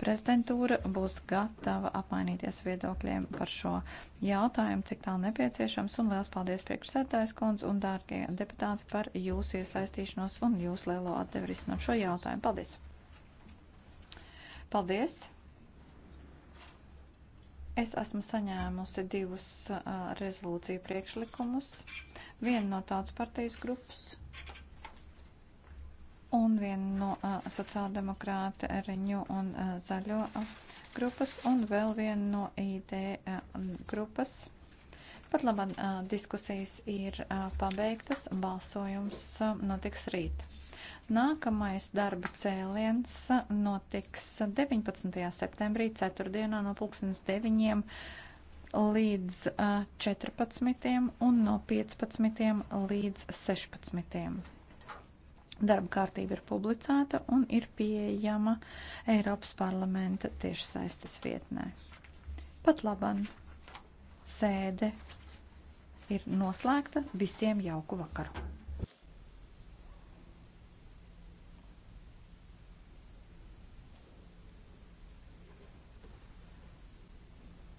Prezidentūra būs gatava apmainīties viedokļiem par šo jautājumu, cik tālu nepieciešams, un liels paldies priekšsētājs kundze un dārgie deputāti par jūsu iesaistīšanos un jūsu lielo atdevi risinot šo jautājumu. Paldies! Paldies! Es esmu saņēmusi divus uh, rezolūciju priekšlikumus. Vienu no tautas partijas grupas un viena no uh, sociāldemokrāta Riņu un uh, Zaļo uh, grupas un vēl viena no ID uh, grupas. Pat labāk uh, diskusijas ir uh, pabeigtas, balsojums uh, notiks rīt. Nākamais darba cēliens notiks 19. septembrī, ceturtdienā no 2009 līdz uh, 14 un no 15 līdz 16. Darba kārtība ir publicēta un ir pieejama Eiropas parlamenta tiešsaistes vietnē. Pat laban sēde ir noslēgta. Visiem jauku vakaru!